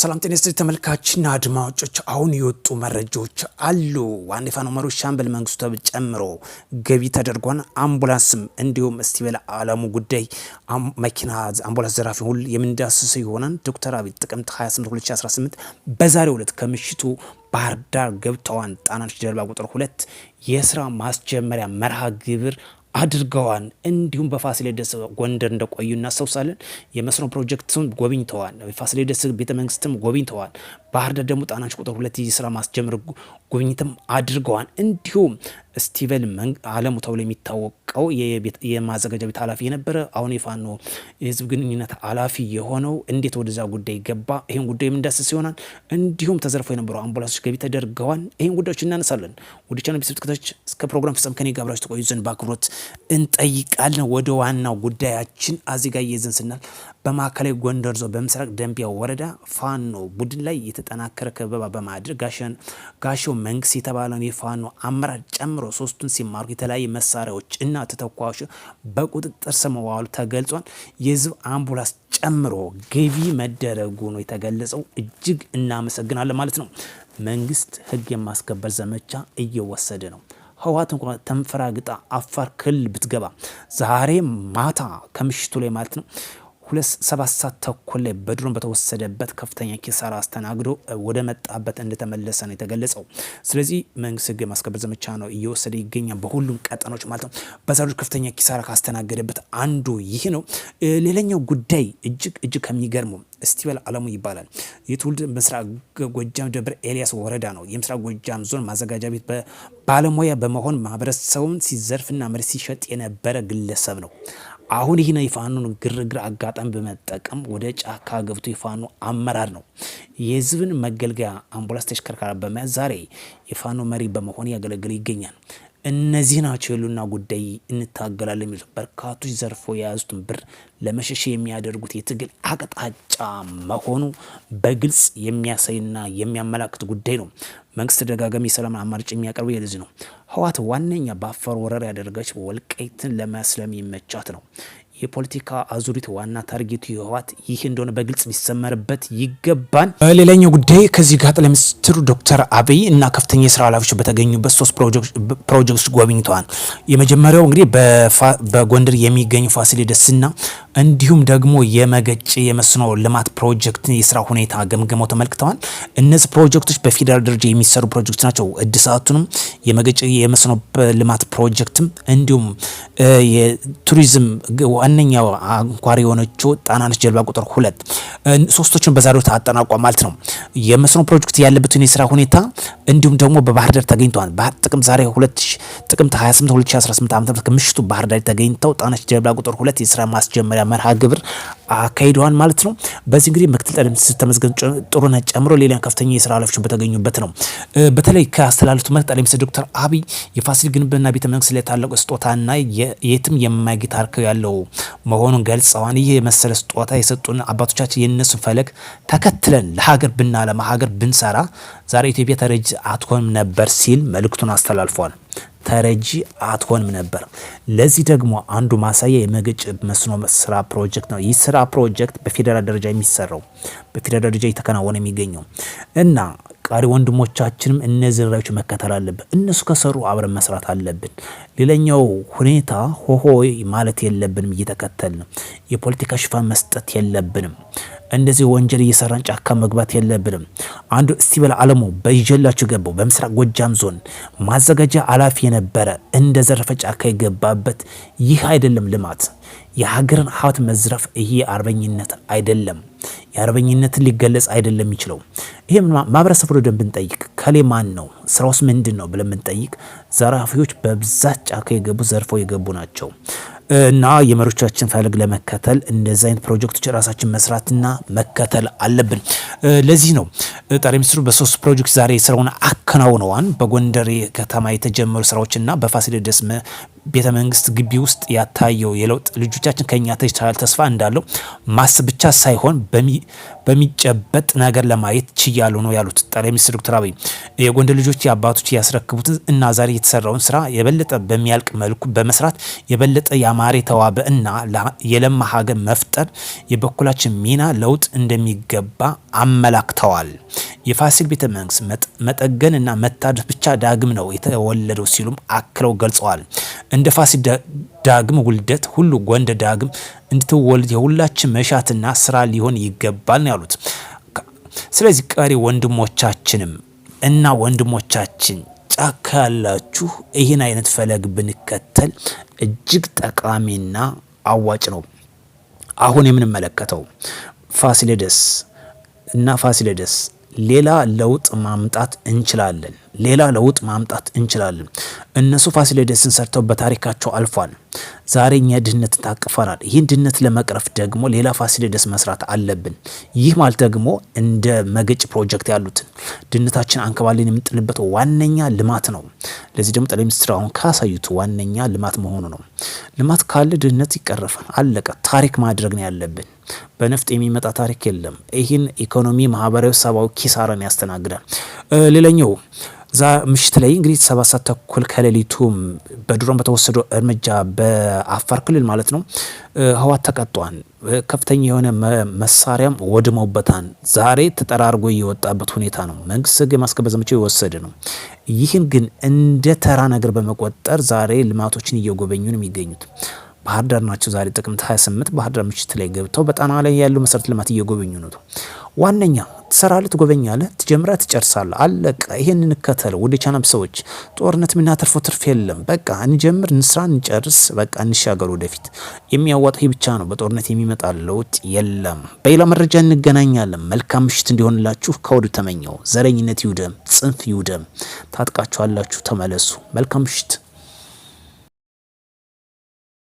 ሰላም ጤና ስትል ተመልካችና አድማጮች፣ አሁን የወጡ መረጃዎች አሉ። ዋና ፋኖ መሪ ሻምበል መንግስቱ ጨምሮ ገቢ ተደርጓን አምቡላንስም እንዲሁም እስቲበላ አለሙ ጉዳይ መኪና አምቡላንስ ዘራፊ ሁል የምንዳስሰው ይሆናል። ዶክተር አብይ ጥቅምት 28 2018 በዛሬው ዕለት ከምሽቱ ባህር ዳር ገብተዋን ጣናነሽ ጀልባ ቁጥር ሁለት የስራ ማስጀመሪያ መርሃ ግብር አድርገዋል። እንዲሁም በፋሲለደስ ጎንደር እንደቆዩ እናስታውሳለን። የመስኖ ፕሮጀክቱን ጎብኝተዋል። ፋሲሌደስ ቤተመንግስትም ጎብኝተዋል። ባህር ዳር ደግሞ ጣናች ቁጥር ሁለት ስራ ማስጀመር ጉብኝትም አድርገዋል። እንዲሁም ስቲቨን መንግ አለሙ ተብሎ የሚታወቀው የማዘጋጃ ቤት ኃላፊ የነበረ አሁን የፋኖ የህዝብ ግንኙነት ኃላፊ የሆነው እንዴት ወደዛ ጉዳይ ገባ? ይህን ጉዳይ የምንዳስስ ይሆናል። እንዲሁም ተዘርፎ የነበረው አምቡላንሶች ገቢ ተደርገዋል። ይህን ጉዳዮች እናነሳለን። ወደ ቻና ቢስብትከቶች እስከ ፕሮግራም ፍጻሜ ከኔ ጋር አብራችሁ ተቆዩ ዘንድ በአክብሮት እንጠይቃለን። ወደ ዋናው ጉዳያችን አዘጋየ ዘን ስናል በማዕከላዊ ጎንደር ዞን በምስራቅ ደንቢያ ወረዳ ፋኖ ቡድን ላይ የተጠናከረ ከበባ በማድረግ ጋሸው መንግስት የተባለውን የፋኖ አመራር ጨምሮ ጨምሮ ሶስቱን ሲማሩ የተለያዩ መሳሪያዎች እና ተተኳሾች በቁጥጥር ስር መዋሉ ተገልጿል። የህዝብ አምቡላንስ ጨምሮ ገቢ መደረጉ ነው የተገለጸው። እጅግ እናመሰግናለን ማለት ነው። መንግስት ህግ የማስከበር ዘመቻ እየወሰደ ነው። ህወሓት እንኳ ተንፈራግጣ አፋር ክልል ብትገባ ዛሬ ማታ ከምሽቱ ላይ ማለት ነው ሁለት ሰባት ሰዓት ተኩል ላይ በድሮን በተወሰደበት ከፍተኛ ኪሳራ አስተናግዶ ወደ መጣበት እንደተመለሰ ነው የተገለጸው። ስለዚህ መንግስት ህግ የማስከበር ዘመቻ ነው እየወሰደ ይገኛል፣ በሁሉም ቀጠኖች ማለት ነው። በዛዶች ከፍተኛ ኪሳራ ካስተናገደበት አንዱ ይህ ነው። ሌላኛው ጉዳይ እጅግ እጅግ ከሚገርመው እስቲበል አለሙ ይባላል። የትውልድ ምስራቅ ጎጃም ደብረ ኤልያስ ወረዳ ነው። የምስራቅ ጎጃም ዞን ማዘጋጃ ቤት ባለሙያ በመሆን ማህበረሰቡን ሲዘርፍና መሬት ሲሸጥ የነበረ ግለሰብ ነው። አሁን ይህ የፋኖን ግርግር አጋጣሚ በመጠቀም ወደ ጫካ ገብቶ የፋኖ አመራር ነው የህዝብን መገልገያ አምቡላንስ ተሽከርካሪ በመያዝ ዛሬ የፋኖ መሪ በመሆን ያገለግል ይገኛል። እነዚህ ናቸው የሉና ጉዳይ እንታገላለን የሚሉት በርካቶች ዘርፎ የያዙትን ብር ለመሸሽ የሚያደርጉት የትግል አቅጣጫ መሆኑ በግልጽ የሚያሳይና የሚያመላክት ጉዳይ ነው። መንግስት ተደጋጋሚ የሰላም አማራጭ የሚያቀርቡ የልዚህ ነው። ህወሓት ዋነኛ በአፋር ወረራ ያደረገች ወልቃይትን ለመስለም ይመቻት ነው። የፖለቲካ አዙሪት ዋና ታርጌቱ የህወሓት ይህ እንደሆነ በግልጽ ሊሰመርበት ይገባል። ሌላኛው ጉዳይ ከዚህ ጋር ጠቅላይ ሚኒስትሩ ዶክተር አብይ እና ከፍተኛ የስራ ኃላፊዎች በተገኙበት ሶስት ፕሮጀክቶች ጎብኝተዋል። የመጀመሪያው እንግዲህ በጎንደር የሚገኝ ፋሲለደስና እንዲሁም ደግሞ የመገጭ የመስኖ ልማት ፕሮጀክት የስራ ሁኔታ ገምግመው ተመልክተዋል። እነዚህ ፕሮጀክቶች በፌዴራል ደረጃ የሚሰሩ ፕሮጀክት ናቸው። እድሳቱንም የመገጭ የመስኖ ልማት ፕሮጀክትም እንዲሁም የቱሪዝም ዋነኛው አንኳር የሆነችው ጣናነች ጀልባ ቁጥር ሁለት ሶስቶችን በዛሬው አጠናቋ ማለት ነው። የመስኖ ፕሮጀክት ያለበትን የስራ ሁኔታ እንዲሁም ደግሞ በባህር ዳር ተገኝተዋል። ጥቅምት ዛሬ 2 ጥቅምት 28 2018 ከምሽቱ ባህር ዳር ተገኝተው ጣናች ጀብላ ቁጥር ሁለት የስራ ማስጀመሪያ መርሃ ግብር አካሂደዋል ማለት ነው። በዚህ እንግዲህ ምክትል ጠቅላይ ሚኒስትር ተመስገን ጥሩነህ ጨምሮ ሌላ ከፍተኛ የስራ ኃላፊዎች በተገኙበት ነው። በተለይ ከአስተላለፉት መልእክት ጠቅላይ ሚኒስትር ዶክተር አብይ የፋሲል ግንብና ቤተ መንግስት ለታለቁ ስጦታና የትም የማይጌት አርከው ያለው መሆኑን ገልጸዋል። ይህ የመሰለ ስጦታ የሰጡን አባቶቻችን የነሱን ፈለግ ተከትለን ለሀገር ብና በዓለም አገር ብንሰራ ዛሬ ኢትዮጵያ ተረጂ አትሆንም ነበር ሲል መልእክቱን አስተላልፏል። ተረጂ አትሆንም ነበር። ለዚህ ደግሞ አንዱ ማሳያ የመገጭ መስኖ ስራ ፕሮጀክት ነው። ይህ ስራ ፕሮጀክት በፌዴራል ደረጃ የሚሰራው በፌዴራል ደረጃ እየተከናወነ የሚገኘው እና ቀሪ ወንድሞቻችንም እነዚ ራዮች መከተል አለብን። እነሱ ከሰሩ አብረን መስራት አለብን። ሌላኛው ሁኔታ ሆሆ ማለት የለብንም እየተከተልን የፖለቲካ ሽፋን መስጠት የለብንም። እንደዚህ ወንጀል እየሰራን ጫካ መግባት የለብንም። አንዱ እስቲበላ አለሙ በይጀላችሁ ገባው በምስራቅ ጎጃም ዞን ማዘጋጃ አላፊ የነበረ እንደ ዘረፈ ጫካ የገባበት ይህ አይደለም ልማት። የሀገርን ሀብት መዝረፍ ይሄ አርበኝነት አይደለም። የአርበኝነትን ሊገለጽ አይደለም ይችለው ይሄ ማህበረሰብ ብሎ ብንጠይቅ ከሌ ማን ነው ስራውስ ምንድን ነው ብለን ብንጠይቅ ዘራፊዎች በብዛት ጫካ የገቡ ዘርፈው የገቡ ናቸው እና የመሪዎቻችን ፈለግ ለመከተል እንደዚህ አይነት ፕሮጀክቶች ራሳችን መስራትና መከተል አለብን። ለዚህ ነው ጠቅላይ ሚኒስትሩ በሶስት ፕሮጀክት ዛሬ ስራውን አከናውነዋን። በጎንደር ከተማ የተጀመሩ ስራዎችና በፋሲለደስ ቤተ መንግስት ግቢ ውስጥ ያታየው የለውጥ ልጆቻችን ከኛ ተሽተላል ተስፋ እንዳለው ማሰብ ብቻ ሳይሆን በሚጨበጥ ነገር ለማየት እያሉ ነው ያሉት ጠቅላይ ሚኒስትር ዶክተር አብይ የጎንደር ልጆች የአባቶች ያስረክቡት እና ዛሬ የተሰራውን ስራ የበለጠ በሚያልቅ መልኩ በመስራት የበለጠ ያማረ የተዋበ እና የለማ ሀገር መፍጠር የበኩላችን ሚና ለውጥ እንደሚገባ አመላክተዋል። የፋሲል ቤተ መንግስት መጠገን እና መታደስ ብቻ ዳግም ነው የተወለደው ሲሉም አክለው ገልጸዋል። እንደ ፋሲል ዳግም ውልደት ሁሉ ጎንደር ዳግም እንድትወልድ የሁላችን መሻትና ስራ ሊሆን ይገባል ነው ያሉት። ስለዚህ ቀሪ ወንድሞቻችንም እና ወንድሞቻችን ጫካ ያላችሁ ይህን አይነት ፈለግ ብንከተል እጅግ ጠቃሚና አዋጭ ነው። አሁን የምንመለከተው ፋሲለደስ እና ፋሲለደስ ሌላ ለውጥ ማምጣት እንችላለን። ሌላ ለውጥ ማምጣት እንችላለን። እነሱ ፋሲለደስን ሰርተው በታሪካቸው አልፏል። ዛሬ እኛ ድህነትን ታቅፈናል። ይህን ድህነት ለመቅረፍ ደግሞ ሌላ ፋሲለደስ መስራት አለብን። ይህ ማለት ደግሞ እንደ መገጭ ፕሮጀክት ያሉትን ድህነታችን አንከባለን የምንጥልበት ዋነኛ ልማት ነው። ለዚህ ደግሞ ጠቅላይ ሚኒስትር አሁን ካሳዩት ዋነኛ ልማት መሆኑ ነው። ልማት ካለ ድህነት ይቀረፋል። አለቀ። ታሪክ ማድረግ ነው ያለብን። በነፍጥ የሚመጣ ታሪክ የለም። ይህን ኢኮኖሚ ማህበራዊ፣ ሰብአዊ ኪሳራን ያስተናግዳል። ሌላኛው ዛ ምሽት ላይ እንግዲህ ሰባት ሰዓት ተኩል ከሌሊቱ በድሮን በተወሰዱ እርምጃ በአፋር ክልል ማለት ነው ህዋት ተቀጧን ከፍተኛ የሆነ መሳሪያም ወድመውበታን ዛሬ ተጠራርጎ እየወጣበት ሁኔታ ነው። መንግስት ህግ የማስከበር ዘመቻው የወሰደ ነው። ይህን ግን እንደ ተራ ነገር በመቆጠር ዛሬ ልማቶችን እየጎበኙ ነው የሚገኙት። ባህር ዳር ናቸው። ዛሬ ጥቅምት 28 ባህር ዳር ምሽት ላይ ገብተው በጣና ላይ ያሉ መሰረተ ልማት እየጎበኙ ነው። ዋነኛ ትሰራለህ፣ ትጎበኛለህ፣ ትጀምረህ ትጨርሳለህ። አለቀ። ይሄን እንከተል። ወደ ቻናም ሰዎች ጦርነት የምናተርፈው ትርፍ የለም። በቃ እንጀምር፣ እንስራ፣ እንጨርስ፣ በቃ እንሻገር ወደፊት። የሚያዋጣ ብቻ ነው። በጦርነት የሚመጣ ለውጥ የለም። በሌላ መረጃ እንገናኛለን። መልካም ምሽት እንዲሆንላችሁ ከወዱ ተመኘው። ዘረኝነት ይውደም፣ ጽንፍ ይውደም። ታጥቃችኋላችሁ፣ ተመለሱ። መልካም ምሽት